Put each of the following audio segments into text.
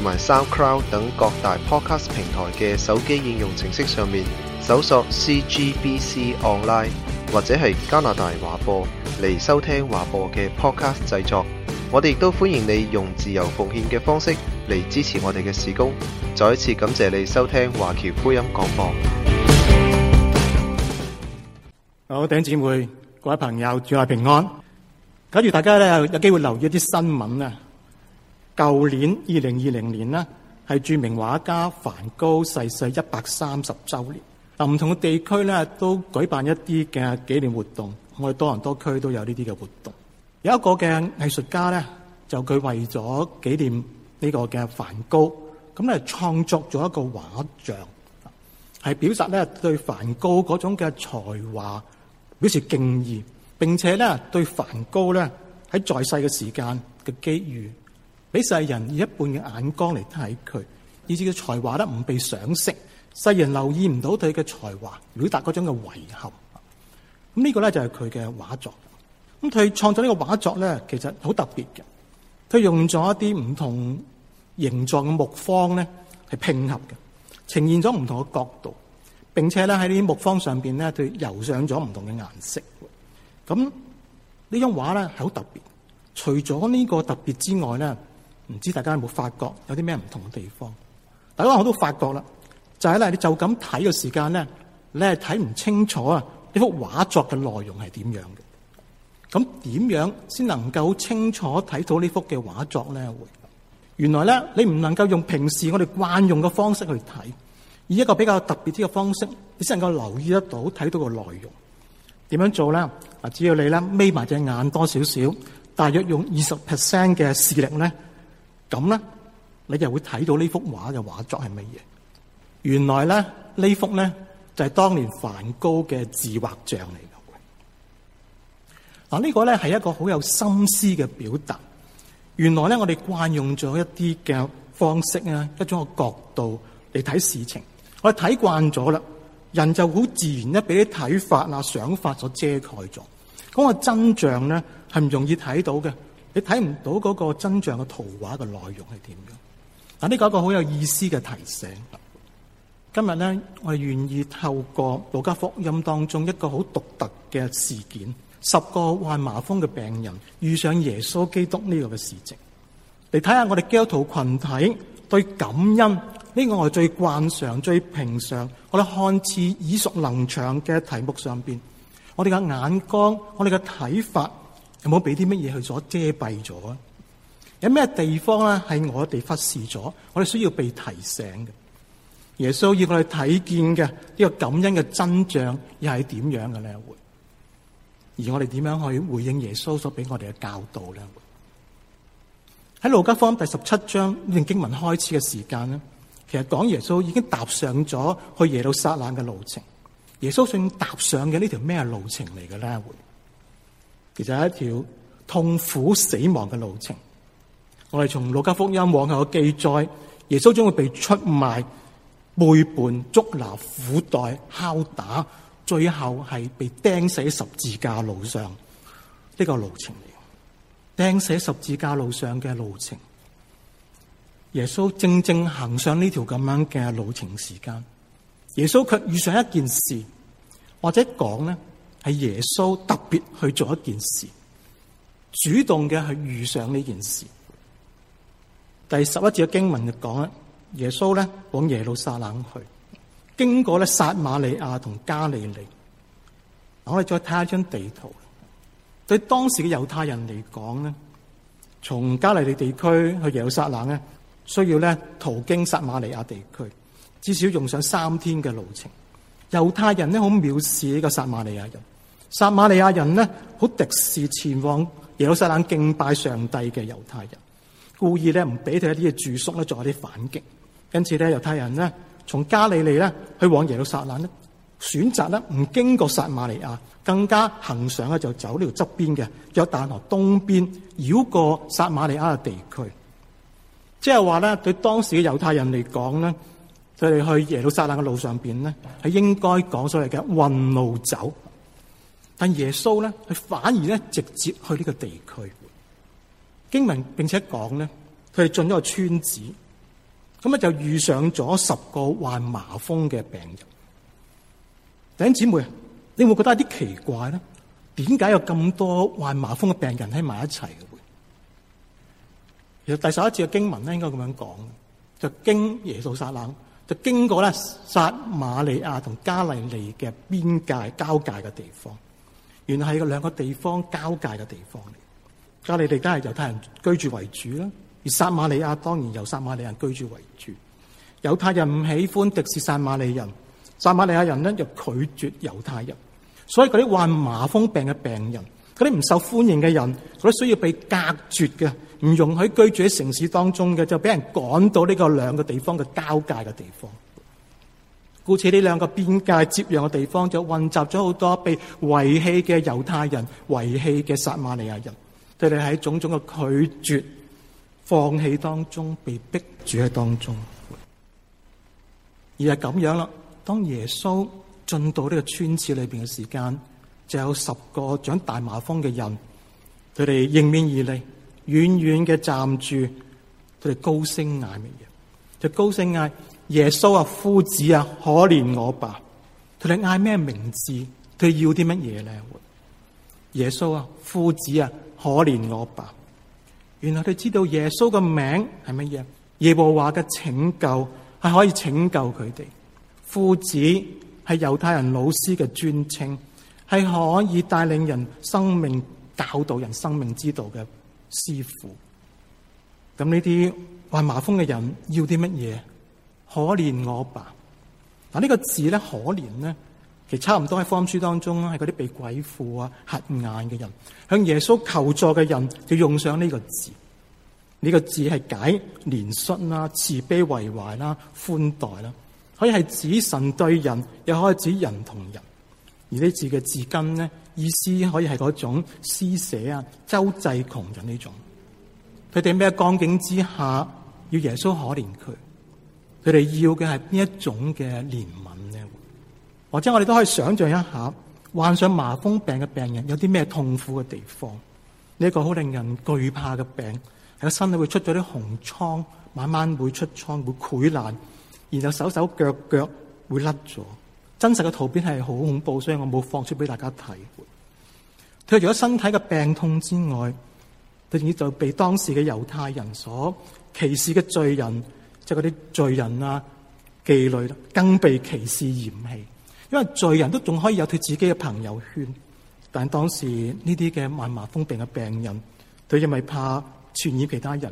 同埋 SoundCloud 等各大 Podcast 平台嘅手機應用程式上面搜索 CGBC Online 或者係加拿大華播嚟收聽華播嘅 Podcast 製作，我哋亦都歡迎你用自由奉獻嘅方式嚟支持我哋嘅事工。再一次感謝你收聽華僑福音廣播。好，頂姊妹各位朋友，諸位平安。假如大家咧有有機會留意一啲新聞啊！舊年二零二零年呢，係著名畫家梵高逝世一百三十週年。嗱，唔同嘅地區咧都舉辦一啲嘅紀念活動。我哋多倫多區都有呢啲嘅活動。有一個嘅藝術家咧，就佢為咗紀念呢個嘅梵高，咁咧創作咗一個畫像，係表達咧對梵高嗰種嘅才華表示敬意，並且咧對梵高咧喺在世嘅時間嘅機遇。俾世人以一半嘅眼光嚟睇佢，以致佢才華咧唔被賞識，世人留意唔到佢嘅才華，表達嗰種嘅遺憾。咁呢個咧就係佢嘅畫作。咁佢創作呢個畫作咧，其實好特別嘅。佢用咗一啲唔同形狀嘅木方咧，係拼合嘅，呈現咗唔同嘅角度，並且咧喺呢啲木方上邊咧，佢油上咗唔同嘅顏色。咁呢張畫咧係好特別。除咗呢個特別之外咧。唔知大家有冇發覺有啲咩唔同嘅地方？大家我都發覺啦，就係咧，你就咁睇嘅時間咧，你係睇唔清楚啊。呢幅畫作嘅內容係點樣嘅？咁點樣先能夠清楚睇到呢幅嘅畫作咧？會原來咧，你唔能夠用平時我哋慣用嘅方式去睇，以一個比較特別啲嘅方式，你先能夠留意得到睇到個內容。點樣做咧？啊，只要你咧眯埋隻眼多少少，大約用二十 percent 嘅視力咧。咁咧，你就會睇到呢幅畫嘅畫作係乜嘢？原來咧，呢幅咧就係當年梵高嘅自畫像嚟嘅。嗱，呢個咧係一個好有心思嘅表達。原來咧，我哋慣用咗一啲嘅方式啊，一種嘅角度嚟睇事情。我哋睇慣咗啦，人就好自然咧，俾啲睇法啊、想法所遮蓋咗，咁個真相咧係唔容易睇到嘅。你睇唔到嗰個真相嘅圖畫嘅內容係點樣的？嗱，呢個一個好有意思嘅提醒。今日呢，我哋願意透過路加福音當中一個好獨特嘅事件，十個患麻風嘅病人遇上耶穌基督呢個嘅事情，嚟睇下，我哋基督徒群體對感恩呢個我哋最慣常、最平常、我哋看似耳熟能詳嘅題目上邊，我哋嘅眼光、我哋嘅睇法。有冇俾啲乜嘢去咗遮蔽咗啊？有咩地方咧係我哋忽視咗？我哋需要被提醒嘅。耶穌要我哋睇見嘅呢個感恩嘅真相又係點樣嘅咧？會而我哋點樣去回應耶穌所俾我哋嘅教導咧？喺路加福音第十七章呢段經文開始嘅時間咧，其實講耶穌已經踏上咗去耶路撒冷嘅路程。耶穌正踏上嘅呢條咩路程嚟嘅咧？其實係一條痛苦死亡嘅路程。我哋從《路加福音》往後嘅記載，耶穌將會被出賣、背叛、捉拿、苦待、敲打，最後係被釘死十字架路上呢個路程嚟。釘死十字架路上嘅路程，耶穌正正行上呢條咁樣嘅路程時間，耶穌卻遇上一件事，或者講呢。係耶穌特別去做一件事，主動嘅去遇上呢件事。第十一節嘅經文就講咧耶穌咧往耶路撒冷去，經過咧撒馬利亞同加利利。我哋再睇一張地圖，對當時嘅猶太人嚟講咧，從加利利地區去耶路撒冷咧，需要咧途經撒馬利亞地區，至少用上三天嘅路程。猶太人咧好藐視呢個撒馬利亞人。撒瑪利亞人呢，好敵視前往耶路撒冷敬拜上帝嘅猶太人，故意咧唔俾佢一啲嘅住宿咧，做一啲反擊。因此咧，猶太人呢，從加利利咧去往耶路撒冷咧，選擇咧唔經過撒瑪利亞，更加行上咧就走呢條側邊嘅約旦河東邊繞過撒瑪利亞嘅地區。即係話咧，對當時嘅猶太人嚟講咧，佢哋去耶路撒冷嘅路上邊咧係應該講所謂嘅暈路走。但耶穌咧，佢反而咧直接去呢個地區經文，並且講咧，佢係進咗個村子，咁啊就遇上咗十個患麻風嘅病人。弟兄姊妹，你會覺得有啲奇怪咧？點解有咁多患麻風嘅病人喺埋一齊嘅？其實第十一次嘅經文咧，應該咁樣講，就經耶路撒冷就經過咧，撒瑪利亞同加利利嘅邊界交界嘅地方。原來係個兩個地方交界嘅地方嚟，加利利地都係猶太人居住為主啦。而撒馬利亞當然由撒馬利亞人居住為主，猶太人唔喜歡敵視撒馬利人，撒馬利亞人呢又拒絕猶太人。所以嗰啲患麻風病嘅病人，嗰啲唔受歡迎嘅人，嗰啲需要被隔絕嘅，唔容許居住喺城市當中嘅，就俾人趕到呢個兩個地方嘅交界嘅地方。故此呢兩個邊界接壤嘅地方，就混雜咗好多被遺棄嘅猶太人、遺棄嘅撒瑪利亞人，佢哋喺種種嘅拒絕、放棄當中，被逼住喺當中。而係咁樣啦，當耶穌進到呢個村子裏邊嘅時間，就有十個長大麻風嘅人，佢哋迎面而嚟，遠遠嘅站住，佢哋高聲嗌乜嘢？就高聲嗌。耶穌啊，夫子啊，可憐我吧！佢哋嗌咩名字？佢要啲乜嘢咧？耶穌啊，夫子啊，可憐我吧！原來佢知道耶穌嘅名係乜嘢？耶和華嘅拯救係可以拯救佢哋。夫子係猶太人老師嘅尊稱，係可以帶領人生命、教導人生命之道嘅師傅。咁呢啲患麻風嘅人要啲乜嘢？可憐我吧。嗱，呢個字咧，可憐咧，其實差唔多喺福音書當中啦，係嗰啲被鬼附啊、瞎眼嘅人，向耶穌求助嘅人就用上呢個字。呢、這個字係解憐恤啦、慈悲為懷啦、啊、寬待啦，可以係指神對人，又可以指人同人。而呢字嘅字根咧，意思可以係嗰種施捨啊、周濟窮人呢種。佢哋咩光景之下要耶穌可憐佢？佢哋要嘅係邊一種嘅憐憫咧？或者我哋都可以想象一下，患上麻風病嘅病人有啲咩痛苦嘅地方？呢個好令人懼怕嘅病，喺個身體會出咗啲紅瘡，慢慢會出瘡，會潰爛，然後手手腳腳會甩咗。真實嘅圖片係好恐怖，所以我冇放出俾大家睇。佢除咗身體嘅病痛之外，佢仲要就被當時嘅猶太人所歧視嘅罪人。就嗰啲罪人啊、妓女啦，更被歧視、嫌棄。因為罪人都仲可以有佢自己嘅朋友圈，但係當時呢啲嘅麻麻風病嘅病人，佢因為怕傳染其他人，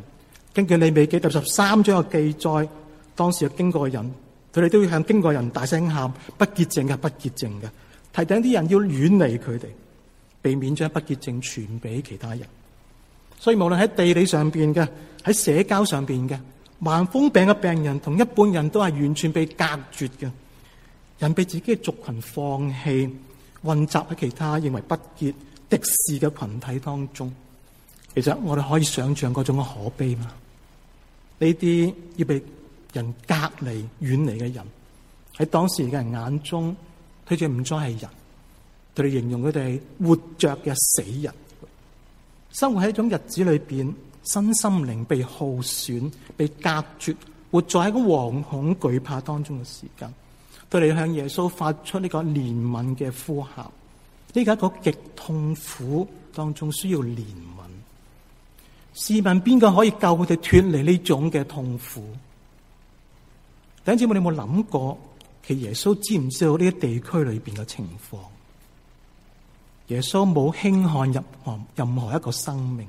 根據利未記第十三章嘅記載，當時有經過嘅人，佢哋都要向經過人大聲喊：不潔淨嘅，不潔淨嘅，提醒啲人要遠離佢哋，避免將不潔淨傳俾其他人。所以無論喺地理上邊嘅，喺社交上邊嘅。痲瘋病嘅病人同一般人都係完全被隔絕嘅，人被自己嘅族群放棄，混雜喺其他認為不潔、敵視嘅群體當中。其實我哋可以想象嗰種嘅可悲嘛。呢啲要被人隔離、遠離嘅人，喺當時嘅人眼中，佢哋唔再係人，佢哋形容佢哋係活着嘅死人，生活喺一種日子裏邊。身心靈被耗損、被隔絕，活在一個惶恐懼怕當中嘅時間，佢哋向耶穌發出呢個憐憫嘅呼喊。呢個一個極痛苦當中需要憐憫。試問邊個可以救佢哋脱離呢種嘅痛苦？弟兄姊妹，你有冇諗過，其實耶穌知唔知道呢啲地區裏邊嘅情況？耶穌冇輕看任何任何一個生命。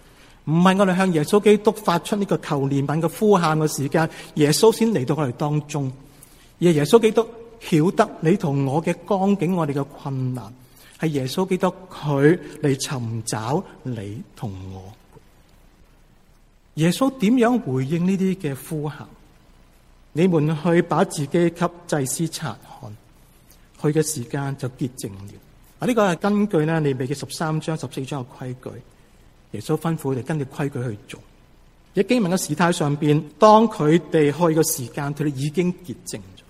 唔係我哋向耶穌基督發出呢個求憐憫嘅呼喊嘅時間，耶穌先嚟到我哋當中。而耶穌基督曉得你同我嘅光景，我哋嘅困難係耶穌基督佢嚟尋找你同我。耶穌點樣回應呢啲嘅呼喊？你們去把自己給祭司察看，佢嘅時間就潔淨了。啊，呢、這個係根據呢，利未記十三章、十四章嘅規矩。耶穌吩咐佢哋根據規矩去做。喺經文嘅事態上邊，當佢哋去嘅時間，佢哋已經潔淨咗。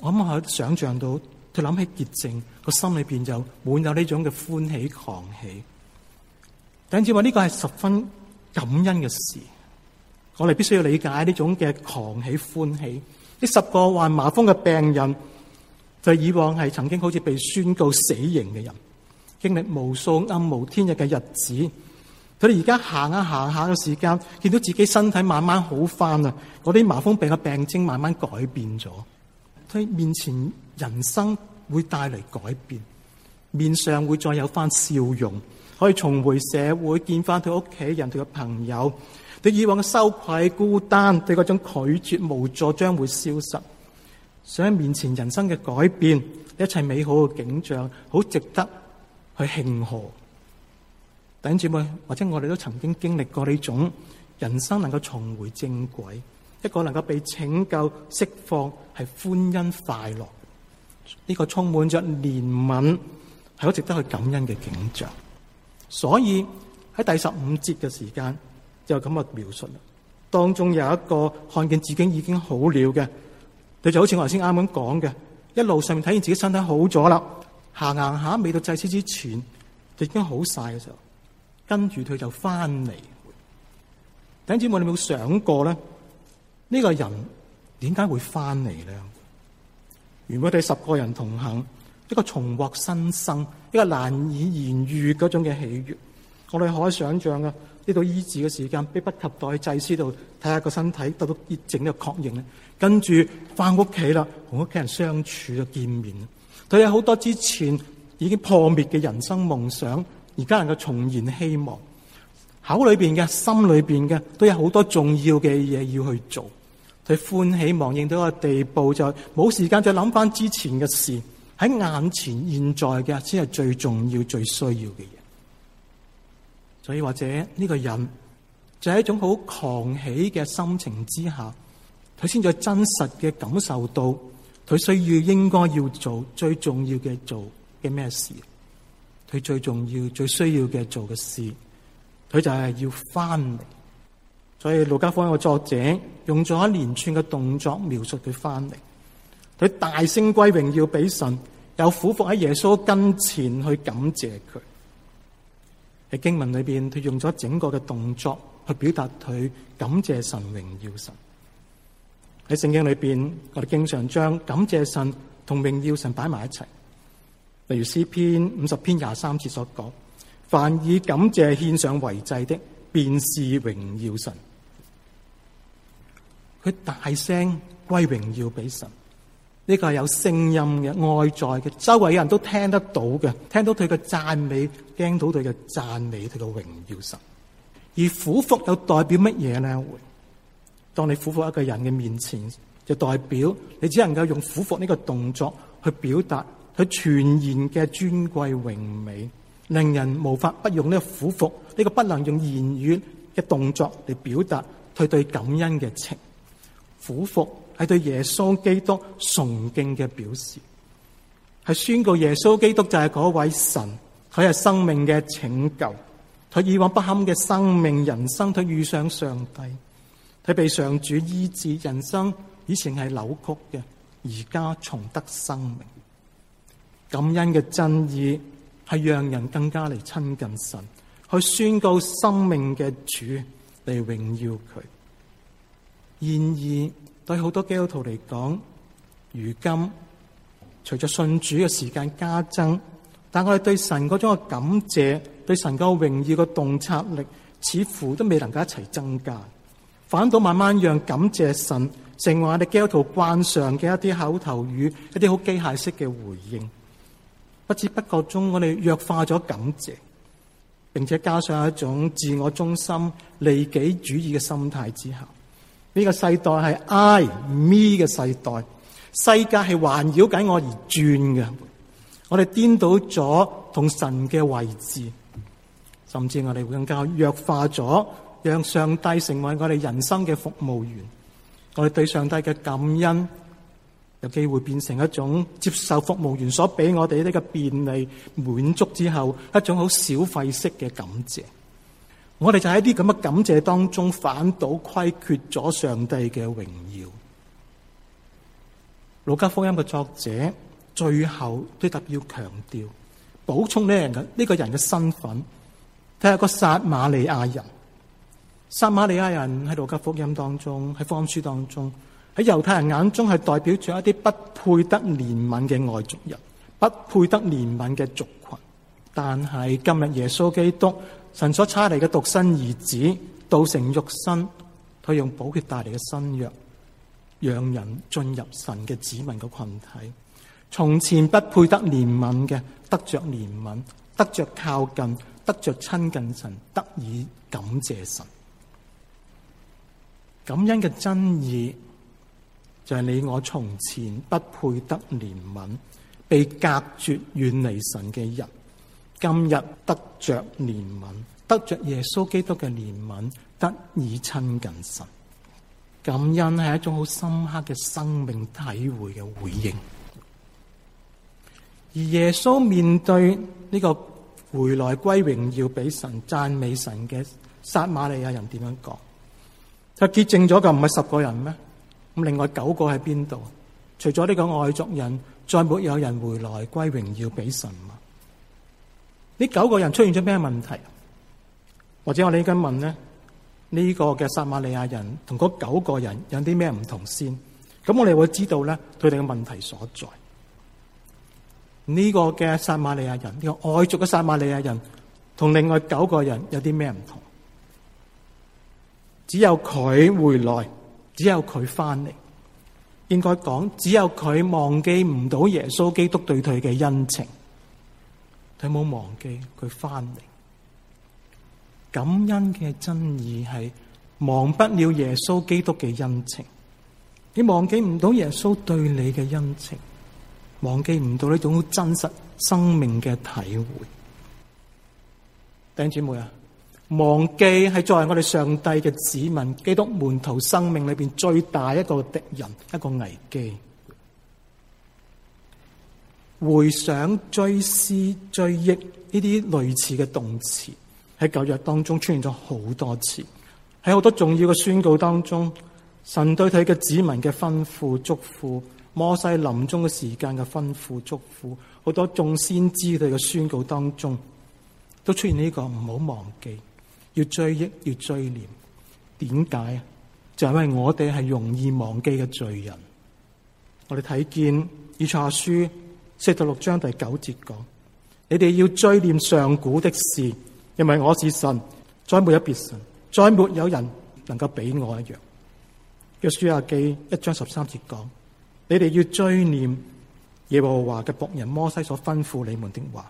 我諗可以想象到，佢諗起潔淨，個心裏邊就滿有呢種嘅歡喜狂喜。等於話，呢個係十分感恩嘅事，我哋必須要理解呢種嘅狂喜歡喜。呢十個患麻風嘅病人，就以往係曾經好似被宣告死刑嘅人。經歷無數暗無天日嘅日子，佢哋而家行下行下嘅時間，見到自己身體慢慢好翻啦。嗰啲麻風病嘅病徵慢慢改變咗，佢面前人生會帶嚟改變，面上會再有翻笑容，可以重回社會，見翻佢屋企人，佢嘅朋友，對以往嘅羞愧、孤單，對嗰種拒絕無助，將會消失。想喺面前人生嘅改變，一切美好嘅景象，好值得，去慶賀，弟兄姐妹，或者我哋都曾經經歷過呢種人生，能夠重回正軌，一個能夠被拯救、釋放，係歡欣快樂，呢個充滿着憐憫，係好值得去感恩嘅景象。所以喺第十五節嘅時間就咁啊描述啦，當中有一個看見自己已經好了嘅，就就好似我頭先啱啱講嘅，一路上面睇見自己身體好咗啦。行行下，未到祭司之前，就已經好晒嘅時候，跟住佢就翻嚟。頂住我哋冇想過咧，呢個人點解會翻嚟咧？如果我哋十個人同行，一個重獲新生，一個難以言喻嗰種嘅喜悦，我哋可以想象啊！呢度醫治嘅時間，迫不及待去祭司度睇下個身體，得到潔淨嘅確認咧，跟住翻屋企啦，同屋企人相處啊，見面。佢有好多之前已經破滅嘅人生夢想，而家能夠重燃希望。口裏邊嘅、心裏邊嘅，都有好多重要嘅嘢要去做。佢歡喜望應到一個地步，就冇時間再諗翻之前嘅事。喺眼前現在嘅，先係最重要、最需要嘅嘢。所以或者呢個人就喺一種好狂喜嘅心情之下，佢先至真實嘅感受到。佢需要應該要做最重要嘅做嘅咩事？佢最重要、最需要嘅做嘅事，佢就係要翻嚟。所以路加福音有個作者用咗一連串嘅動作描述佢翻嚟。佢大聲歸榮耀俾神，又俯伏喺耶穌跟前去感謝佢。喺經文裏邊，佢用咗整個嘅動作去表達佢感謝神、榮耀神。喺聖經裏邊，我哋經常將感謝神同榮耀神擺埋一齊。例如詩篇五十篇廿三節所講，凡以感謝獻上為祭的，便是榮耀神。佢大聲歸榮耀俾神，呢個係有聲音嘅、外在嘅，周圍人都聽得到嘅，聽到佢嘅讚美，聽到佢嘅讚美，佢嘅榮耀神。而苦福又代表乜嘢呢？當你俯伏一個人嘅面前，就代表你只能夠用俯伏呢個動作去表達佢全然嘅尊貴榮美，令人無法不用呢個俯伏，呢、這個不能用言語嘅動作嚟表達佢對感恩嘅情。俯伏係對耶穌基督崇敬嘅表示，係宣告耶穌基督就係嗰位神，佢係生命嘅拯救，佢以往不堪嘅生命人生，佢遇上上帝。佢被上主醫治，人生以前係扭曲嘅，而家重得生命。感恩嘅真義係讓人更加嚟親近神，去宣告生命嘅主嚟榮耀佢。然而，對好多基督徒嚟講，如今隨着信主嘅時間加增，但我哋對神嗰種嘅感謝，對神個榮耀嘅洞察力，似乎都未能夠一齊增加。反倒慢慢讓感謝神，成為我哋基督徒慣常嘅一啲口頭語，一啲好機械式嘅回應。不知不覺中，我哋弱化咗感謝，並且加上一種自我中心、利己主義嘅心態之下，呢、這個世代係 I、Me 嘅世代，世界係環繞緊我而轉嘅。我哋顛倒咗同神嘅位置，甚至我哋會更加弱化咗。讓上帝成為我哋人生嘅服務員，我哋對上帝嘅感恩，有機會變成一種接受服務員所俾我哋呢個便利滿足之後，一種好小費式嘅感謝。我哋就喺啲咁嘅感謝當中，反倒虧缺咗上帝嘅榮耀。《路加福音》嘅作者最後都特別要強調補充呢個呢個人嘅身份，睇下個撒瑪利亞人。撒馬利亞人喺路加福音當中，喺福音書當中，喺猶太人眼中係代表住一啲不配得憐憫嘅外族人，不配得憐憫嘅族群。但係今日耶穌基督，神所差嚟嘅獨生兒子，道成肉身，佢用寶血帶嚟嘅新約，讓人進入神嘅子民嘅群體。從前不配得憐憫嘅，得着憐憫，得着靠近，得着親近神，得以感謝神。感恩嘅真義，就係、是、你我從前不配得憐憫，被隔絕遠離神嘅人，今日得着憐憫，得着耶穌基督嘅憐憫，得以親近神。感恩係一種好深刻嘅生命體會嘅回應。而耶穌面對呢個回來歸榮耀俾神、讚美神嘅撒瑪利亞人怎樣說，點樣講？佢潔淨咗嘅唔係十個人咩？咁另外九個喺邊度？除咗呢個外族人，再沒有人回來歸榮耀俾神。呢九個人出現咗咩問題？或者我哋咁問呢呢、這個嘅撒馬利亞人同嗰九個人有啲咩唔同先？咁我哋會知道咧佢哋嘅問題所在。呢、這個嘅撒馬利亞人，呢個外族嘅撒馬利亞人，同、這個、另外九個人有啲咩唔同？只有佢回來，只有佢翻嚟，應該講只有佢忘記唔到耶穌基督對佢嘅恩情，佢冇忘記佢翻嚟，感恩嘅真義係忘不了耶穌基督嘅恩情，你忘記唔到耶穌對你嘅恩情，忘記唔到呢種真實生命嘅體會，弟兄姊妹啊！忘記係作為我哋上帝嘅子民，基督門徒生命裏邊最大一個敵人，一個危機。回想、追思、追憶呢啲類似嘅動詞喺舊約當中出現咗好多次，喺好多重要嘅宣告當中，神對佢嘅子民嘅吩咐、祝福，摩西臨終嘅時間嘅吩咐、祝福，好多眾先知佢嘅宣告當中，都出現呢、這個唔好忘記。要追憶要追念，點解？就係因為我哋係容易忘記嘅罪人。我哋睇見以賽亞書四十六章第九節講：你哋要追念上古的事，因為我是神，再沒有別神，再沒有人能夠俾我一樣。約書亞記一章十三節講：你哋要追念耶和華嘅僕人摩西所吩咐你們的話。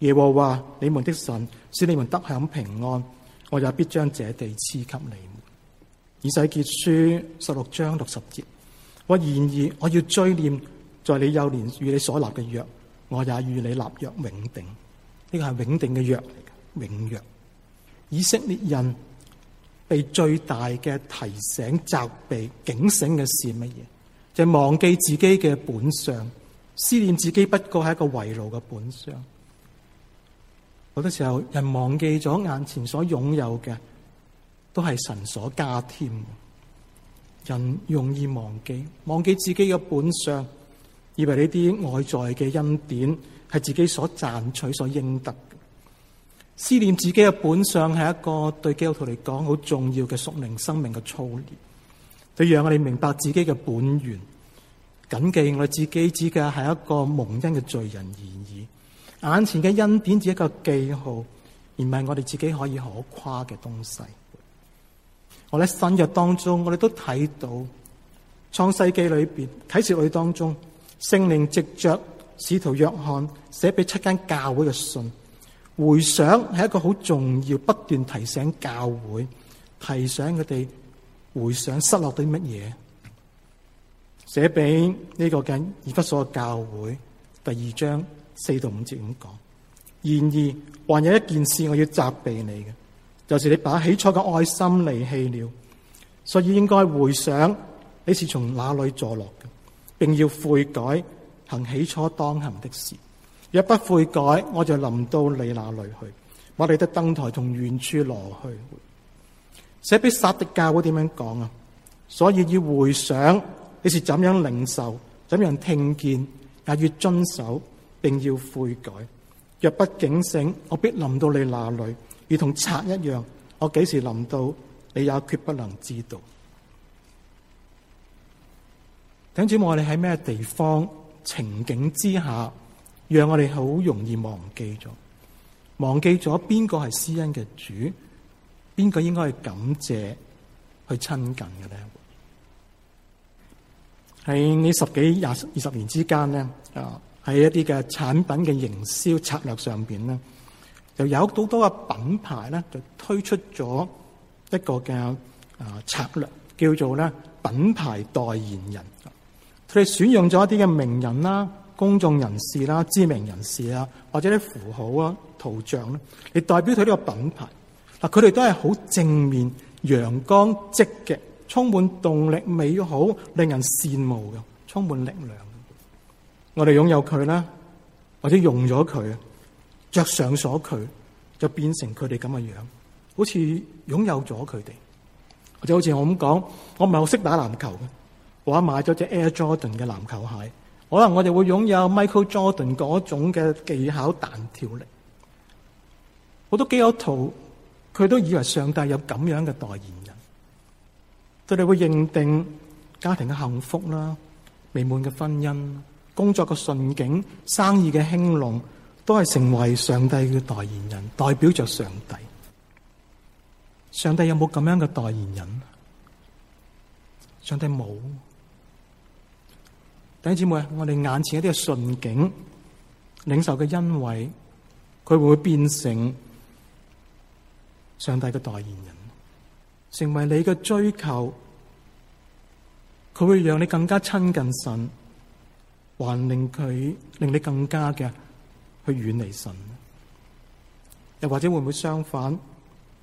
耶和華你們的神使你們得享平安。我也必將這地賜給你們，以西結書十六章六十節。我然而我要追念在你幼年與你所立嘅約，我也與你立約永定。呢個係永定嘅約嚟嘅，永約。以色列人被最大嘅提醒、責備、警醒嘅事乜嘢？就係忘記自己嘅本相，思念自己不過係一個圍路嘅本相。好多時候，人忘記咗眼前所擁有嘅，都係神所加添。人容易忘記忘記自己嘅本相，以為呢啲外在嘅恩典係自己所賺取、所應得嘅。思念自己嘅本相係一個對基督徒嚟講好重要嘅屬靈生命嘅操練，佢讓我哋明白自己嘅本源，謹記我自己指嘅係一個蒙恩嘅罪人而已。眼前嘅恩典只係一個記號，而唔係我哋自己可以可誇嘅東西。我喺新約當中，我哋都睇到創世紀裏邊啟示我哋當中，聖靈藉著使徒約翰寫俾七間教會嘅信，回想係一個好重要，不斷提醒教會，提醒佢哋回想失落啲乜嘢。寫俾呢個嘅以弗所教會第二章。四到五節咁講，然而還有一件事我要責備你嘅，就是你把起初嘅愛心離棄了，所以應該回想你是從哪裏坐落嘅，並要悔改，行起初當行的事。若不悔改，我就臨到你那裏去，把你的燈台從遠處挪去。寫俾撒迪教會點樣講啊？所以要回想你是怎樣領受，怎樣聽見，也要遵守。並要悔改，若不警醒，我必臨到你那裏，如同賊一樣。我幾時臨到，你也決不能知道。等住望我哋喺咩地方、情景之下，讓我哋好容易忘記咗，忘記咗邊個係施恩嘅主，邊個應該去感謝、去親近嘅咧？喺呢十幾、廿二十年之間咧，啊。喺一啲嘅產品嘅營銷策略上邊咧，就有好多嘅品牌咧，就推出咗一個叫啊策略，叫做咧品牌代言人。佢哋選用咗一啲嘅名人啦、公眾人士啦、知名人士啊，或者啲符號啊、圖像咧，嚟代表佢呢個品牌。嗱，佢哋都係好正面、陽光、積極、充滿動力、美好、令人羨慕嘅，充滿力量。我哋擁有佢啦，或者用咗佢，着上所佢就變成佢哋咁嘅樣，好似擁有咗佢哋。或者好似我咁講，我唔係好識打籃球嘅，我買咗隻 Air Jordan 嘅籃球鞋，可能我哋會擁有 Michael Jordan 嗰種嘅技巧彈跳力。好多基督徒佢都以為上帝有咁樣嘅代言人，所以佢哋會認定家庭嘅幸福啦、美滿嘅婚姻。工作嘅順境、生意嘅興隆，都係成為上帝嘅代言人，代表着上帝。上帝有冇咁樣嘅代言人？上帝冇。弟兄姊妹，我哋眼前一啲嘅順境、領受嘅恩惠，佢會變成上帝嘅代言人，成為你嘅追求。佢會讓你更加親近神。還令佢令你更加嘅去遠離神，又或者會唔會相反，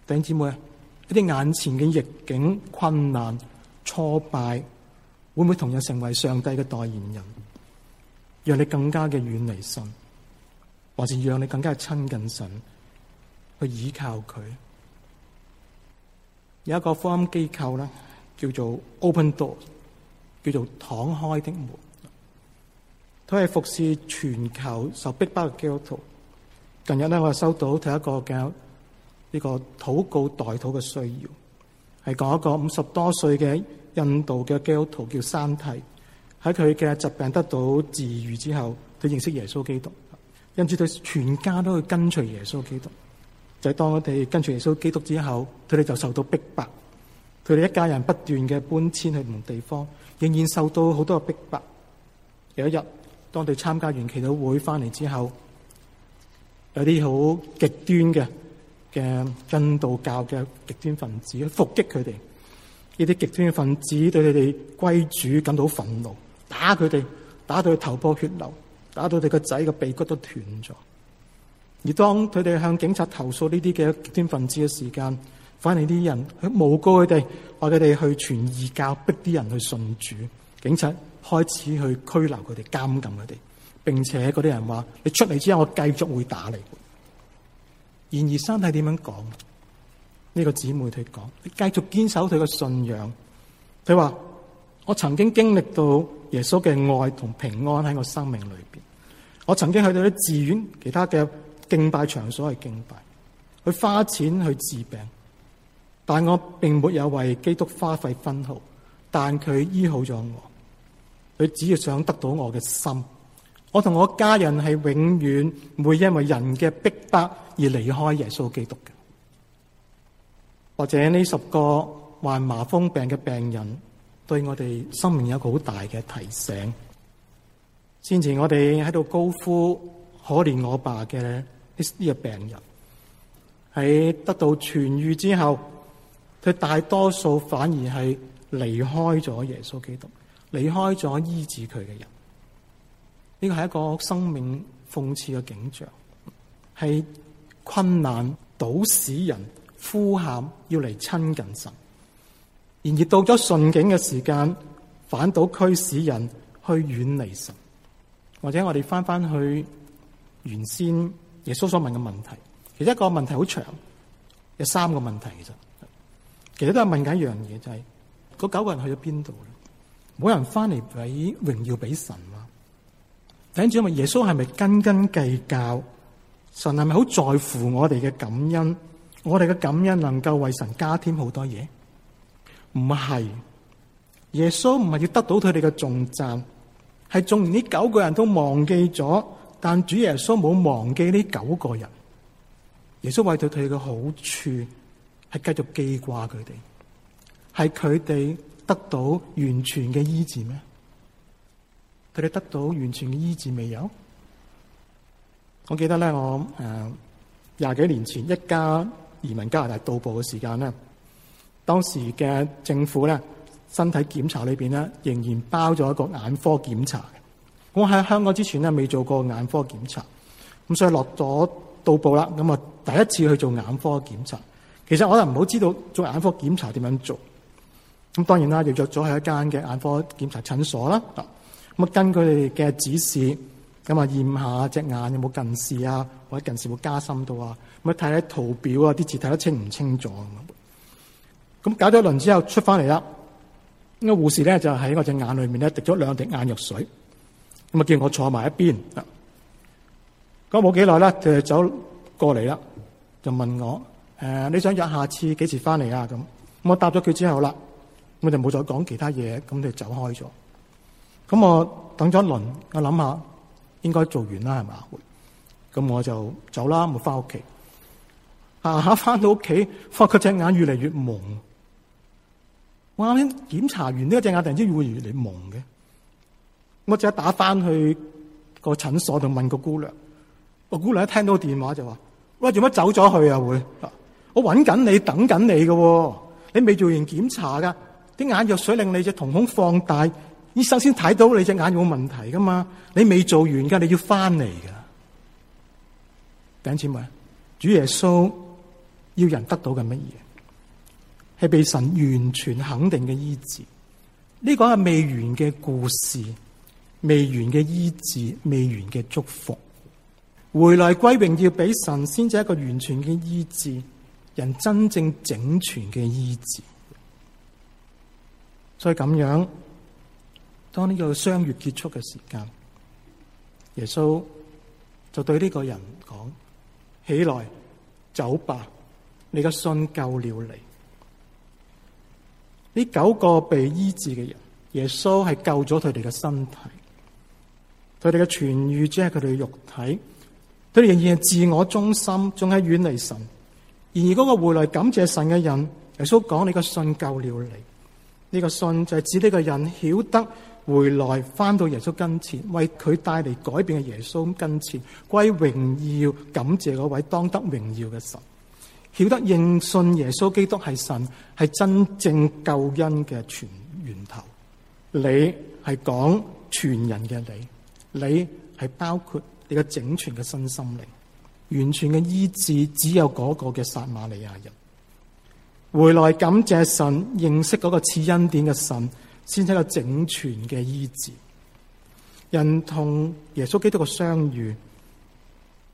弟兄姊妹啊，一啲眼前嘅逆境、困難、挫敗，會唔會同樣成為上帝嘅代言人，讓你更加嘅遠離神，還是讓你更加親近神，去依靠佢？有一個福音機構咧，叫做 Open Door，叫做敞開的門。佢係服侍全球受逼迫嘅基督徒。近日呢，我收到第一個嘅呢個禱、這個、告代禱嘅需要，係講一個五十多歲嘅印度嘅基督徒叫山體。喺佢嘅疾病得到治愈之後，佢認識耶穌基督，因此佢全家都去跟隨耶穌基督。就係、是、當我哋跟隨耶穌基督之後，佢哋就受到逼迫，迫，佢哋一家人不斷嘅搬遷去唔同地方，仍然受到好多嘅逼迫，迫。有一日。當佢哋參加完祈禱會翻嚟之後，有啲好極端嘅嘅印度教嘅極端分子去伏擊佢哋。呢啲極端嘅分子對佢哋歸主感到憤怒，打佢哋，打到佢頭破血流，打到佢個仔個鼻骨都斷咗。而當佢哋向警察投訴呢啲嘅極端分子嘅時間，反嚟啲人去誣告佢哋，話佢哋去傳異教，逼啲人去信主。警察開始去拘留佢哋，監禁佢哋，並且嗰啲人話：你出嚟之後，我繼續會打你。然而生怎，身體點樣講？呢個姊妹佢講：你繼續堅守佢嘅信仰。佢話：我曾經經歷到耶穌嘅愛同平安喺我生命裏邊。我曾經去到啲寺院，其他嘅敬拜場所去敬拜，去花錢去治病，但我並沒有為基督花費分毫。但佢醫好咗我，佢只要想得到我嘅心，我同我家人係永遠唔會因為人嘅逼迫而離開耶穌基督嘅。或者呢十個患麻風病嘅病人，對我哋生命有一個好大嘅提醒。先前我哋喺度高呼可憐我爸嘅呢個病人，喺得到痊癒之後，佢大多數反而係。離開咗耶穌基督，離開咗醫治佢嘅人，呢個係一個生命諷刺嘅景象，係困難導致人呼喊要嚟親近神，然而到咗順境嘅時間，反倒驅使人去遠離神。或者我哋翻翻去原先耶穌所問嘅問題，其實一個問題好長，有三個問題。其實，其實都係問緊一樣嘢，就係、是。嗰九個人去咗邊度咧？冇人翻嚟俾榮耀俾神嘛？頂住我問耶穌係咪斤斤計較？神係咪好在乎我哋嘅感恩？我哋嘅感恩能夠為神加添好多嘢？唔係耶穌唔係要得到佢哋嘅重讚，係縱然呢九個人都忘記咗，但主耶穌冇忘記呢九個人。耶穌為咗佢哋嘅好處，係繼續記掛佢哋。係佢哋得到完全嘅醫治咩？佢哋得到完全嘅醫治未有？我記得咧，我誒廿幾年前一家移民加拿大到埗嘅時間咧，當時嘅政府咧身體檢查裏邊咧仍然包咗一個眼科檢查嘅。我喺香港之前咧未做過眼科檢查，咁所以落咗到埗啦，咁啊第一次去做眼科檢查。其實我又唔好知道做眼科檢查點樣做。咁當然啦，要約咗喺一間嘅眼科檢查診所啦。咁啊，根據佢哋嘅指示咁啊，驗下隻眼有冇近視啊，或者近視會加深到啊，咁啊，睇下圖表啊，啲字睇得清唔清楚咁。咁搞咗一輪之後出翻嚟啦，個護士咧就喺我隻眼裏面咧滴咗兩滴眼藥水，咁啊叫我坐埋一邊。咁冇幾耐咧，佢就走過嚟啦，就問我誒你想約下次幾時翻嚟啊？咁我答咗佢之後啦。我就冇再講其他嘢，咁就走開咗。咁我等咗一輪，我諗下應該做完啦，係咪啊？咁我就走啦，我翻屋企。下下翻到屋企，發覺隻眼越嚟越蒙。我啱先檢查完呢隻眼，突然之會越嚟越蒙嘅。我即刻打翻去個診所度問個姑娘。個姑娘一聽到電話就話：喂，做乜走咗去啊？會，我揾緊你，等緊你嘅，你未做完檢查噶。啲眼藥水令你隻瞳孔放大，醫生先睇到你隻眼有問題噶嘛？你未做完噶，你要翻嚟噶。弟兄姊妹，主耶穌要人得到嘅乜嘢？係被神完全肯定嘅醫治。呢個係未完嘅故事，未完嘅醫治，未完嘅祝福。回來歸榮耀，俾神先至一個完全嘅醫治，人真正整全嘅醫治。所以這樣，當呢個相遇結束嘅時間，耶穌就對呢個人講：起來，走吧，你的信救了你。呢九個被醫治嘅人，耶穌是救咗佢哋嘅身體，佢哋嘅痊愈只是佢哋嘅肉體，佢哋仍然係自我中心，仲喺遠離神。然而嗰個回來感謝神嘅人，耶穌說你的信救了你。呢個信就係指呢個人曉得回來翻到耶穌跟前，為佢帶嚟改變嘅耶穌跟前，歸榮耀感謝嗰位當得榮耀嘅神，曉得認信耶穌基督係神，係真正救恩嘅全源頭。你係講全人嘅你，你係包括你嘅整全嘅新心靈，完全嘅醫治只有嗰個嘅撒瑪利亞人。回來感謝神，認識嗰個賜恩典嘅神，先至有一個整全嘅醫治。人同耶穌基督嘅相遇，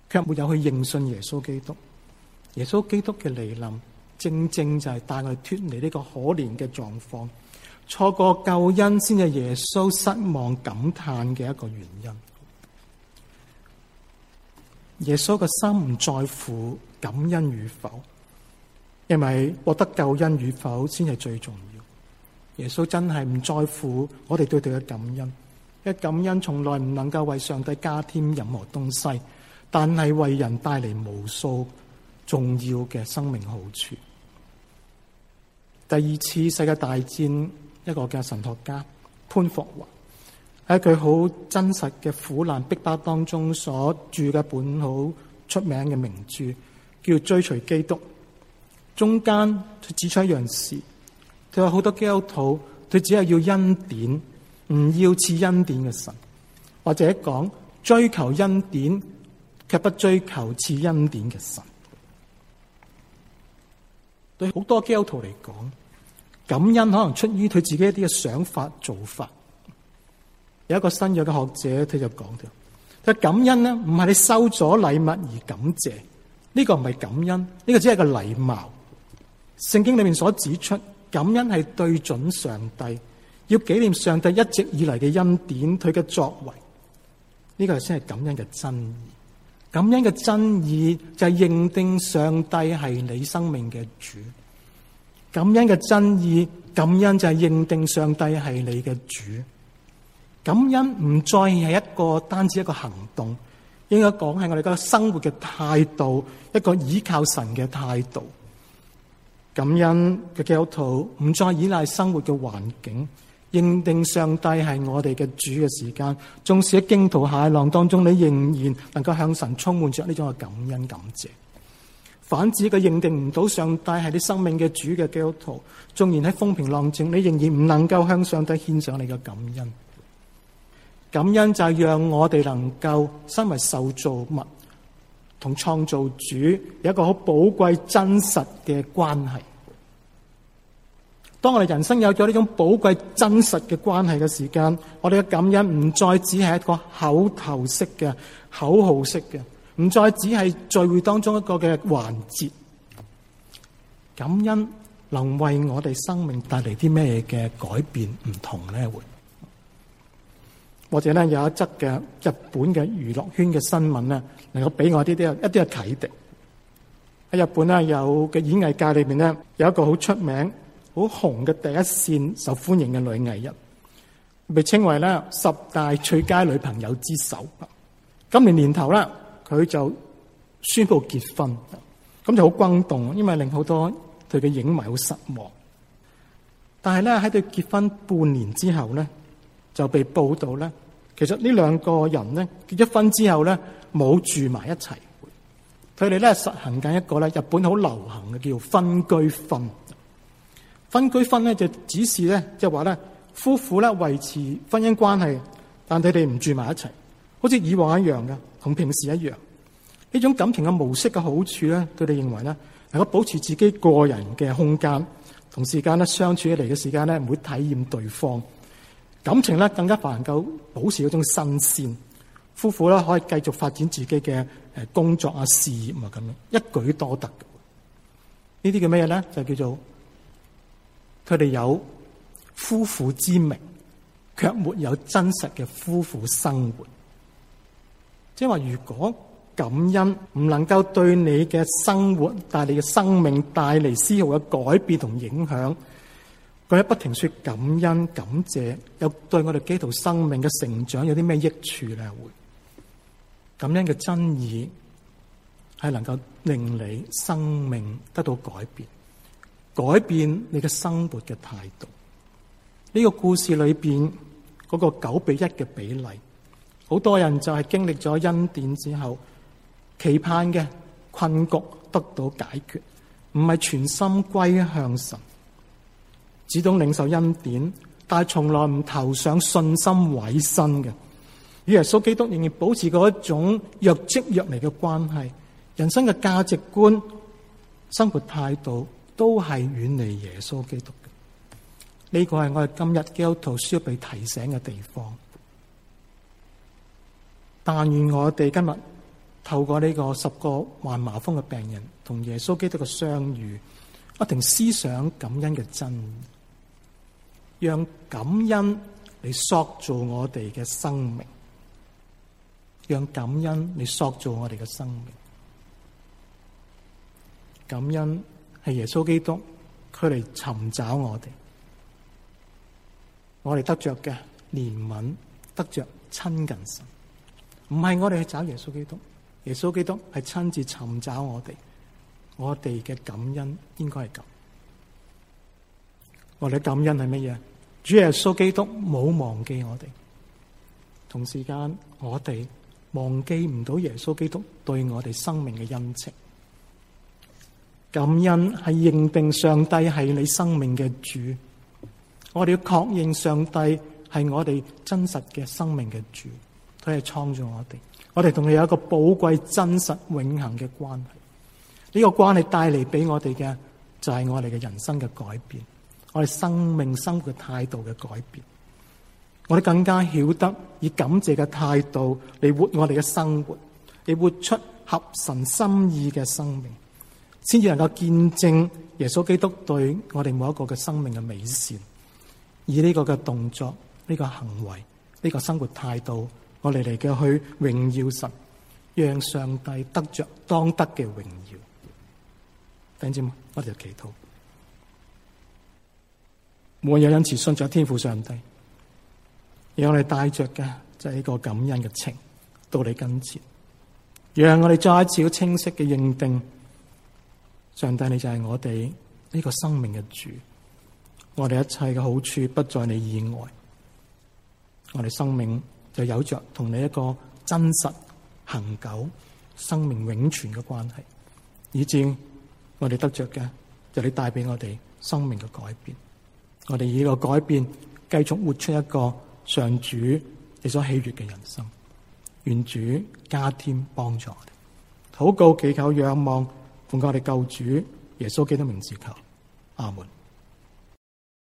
卻沒有去認信耶穌基督。耶穌基督嘅來臨，正正就是帶佢脱離呢個可憐嘅狀況。錯過救恩先至是耶穌失望感嘆嘅一個原因。耶穌個心唔在乎感恩與否。係咪獲得救恩與否先係最重要？耶穌真係唔在乎我哋對佢嘅感恩，因為感恩從來唔能夠為上帝加添任何東西，但係為人帶嚟無數重要嘅生命好處。第二次世界大戰一個嘅神學家潘霍華喺佢好真實嘅苦難逼迫當中所著嘅本好出名嘅名著叫《追隨基督》。中間佢指出一樣事，佢話好多基督徒佢只係要恩典，唔要賜恩典嘅神，或者講，追求恩典，卻不追求賜恩典嘅神。對好多基督徒嚟講，感恩可能出於佢自己一啲嘅想法做法。有一個新約嘅學者佢就講咗，佢感恩咧唔係你收咗禮物而感謝，呢個唔係感恩，呢個只係個禮貌。聖經裏面所指出，感恩係對準上帝，要紀念上帝一直以來嘅恩典，佢嘅作為，呢、這個先係感恩嘅真義。感恩嘅真義就係認定上帝係你生命嘅主。感恩嘅真義，感恩就係認定上帝係你嘅主。感恩唔再係一個單止一個行動，應該講係我哋一個生活嘅態度，一個依靠神嘅態度。感恩嘅基督徒唔再依賴生活嘅環境，認定上帝係我哋嘅主嘅時間。縱使喺驚濤駭浪當中，你仍然能夠向神充滿着呢種嘅感恩感謝。反之，佢認定唔到上帝係你生命嘅主嘅基督徒，縱然喺風平浪靜，你仍然唔能夠向上帝獻上你嘅感恩。感恩就係讓我哋能夠身為受造物。同創造主有一個好寶貴真實嘅關係。當我哋人生有咗呢種寶貴真實嘅關係嘅時間，我哋嘅感恩唔再只係一個口頭式嘅口號式嘅，唔再只係聚會當中一個嘅環節。感恩能為我哋生命帶嚟啲咩嘅改變唔同咧？會？或者咧，有一則嘅日本嘅娛樂圈嘅新聞咧，能夠俾我哋啲一啲嘅啟迪。喺日本咧有嘅演藝界裏面，咧，有一個好出名、好紅嘅第一線受歡迎嘅女藝人，被稱為咧十大最佳女朋友之首。今年年頭咧，佢就宣布結婚，咁就好轟動，因為令好多佢嘅影迷好失望。但係咧喺佢結婚半年之後咧，就被報道咧。其實呢兩個人呢，結咗婚之後呢，冇住埋一齊，佢哋呢實行緊一個呢日本好流行嘅，叫「分居婚」。「分居婚」呢，就只是呢就話呢，夫婦呢維持婚姻關係，但佢哋唔住埋一齊，好似以往一樣嘅，同平時一樣。呢種感情嘅模式嘅好處呢，佢哋認為呢，能夠保持自己個人嘅空間，同時間呢相處起嚟嘅時間呢，唔會體驗對方。感情咧，更加繁，能夠保持一種新鮮，夫婦咧，可以繼續發展自己嘅誒工作啊事業啊咁樣，一舉多得這些，什麼呢？啲叫咩咧？就叫做佢哋有夫婦之名，卻沒有真實嘅夫婦生活。即係話，如果感恩唔能夠對你嘅生活、帶你嘅生命帶嚟絲毫嘅改變同影響。佢喺不停說感恩、感謝，又對我哋基督徒生命嘅成長有啲咩益處咧？會感恩嘅真義係能夠令你生命得到改變，改變你嘅生活嘅態度。呢個故事裏邊嗰個九比一嘅比例，好多人就係經歷咗恩典之後，期盼嘅困局得到解決，唔係全心歸向神。只懂領受恩典，但係從來唔投上信心委身嘅，與耶穌基督仍然保持嗰一種若即若離嘅關係。人生嘅價值觀、生活態度都係遠離耶穌基督嘅。呢個係我哋今日基督徒需要被提醒嘅地方。但願我哋今日透過呢個十個患麻風嘅病人同耶穌基督嘅相遇。我不停思想感恩嘅真，讓感恩嚟塑造我哋嘅生命，讓感恩嚟塑造我哋嘅生命。感恩係耶穌基督，佢嚟尋找我哋，我哋得着嘅憐憫，得着親近神，唔係我哋去找耶穌基督，耶穌基督係親自尋找我哋。我哋嘅感恩應該係咁。我哋感恩係乜嘢？主耶穌基督冇忘記我哋，同時間我哋忘記唔到耶穌基督對我哋生命嘅恩情。感恩係認定上帝係你生命嘅主，我哋要確認上帝係我哋真實嘅生命嘅主，佢係創造我哋，我哋同佢有一個寶貴、真實、永恒嘅關係。呢個關係帶嚟俾我哋嘅，就係我哋嘅人生嘅改變，我哋生命生活態度嘅改變，我哋更加曉得以感謝嘅態度嚟活我哋嘅生活，嚟活出合神心意嘅生命，先至能夠見證耶穌基督對我哋每一個嘅生命嘅美善，以呢個嘅動作、呢個行為、呢個生活態度，我哋嚟嘅去榮耀神，讓上帝得着當得嘅榮耀。聽見嗎？我哋就祈禱，冇有人持信着天父上帝，讓我哋帶着嘅就係一個感恩嘅情到你跟前，讓我哋再一次清晰嘅認定，上帝你就是我哋呢個生命嘅主，我哋一切嘅好處不在你以外，我哋生命就有着同你一個真實恆久生命永存嘅關係，以至……我哋得着嘅就係你帶俾我哋生命嘅改變，我哋以這個改變繼續活出一個上主你所喜悅嘅人生。願主加添幫助我哋，禱告祈求仰望，奉教我哋救主耶穌基督名字求，阿門。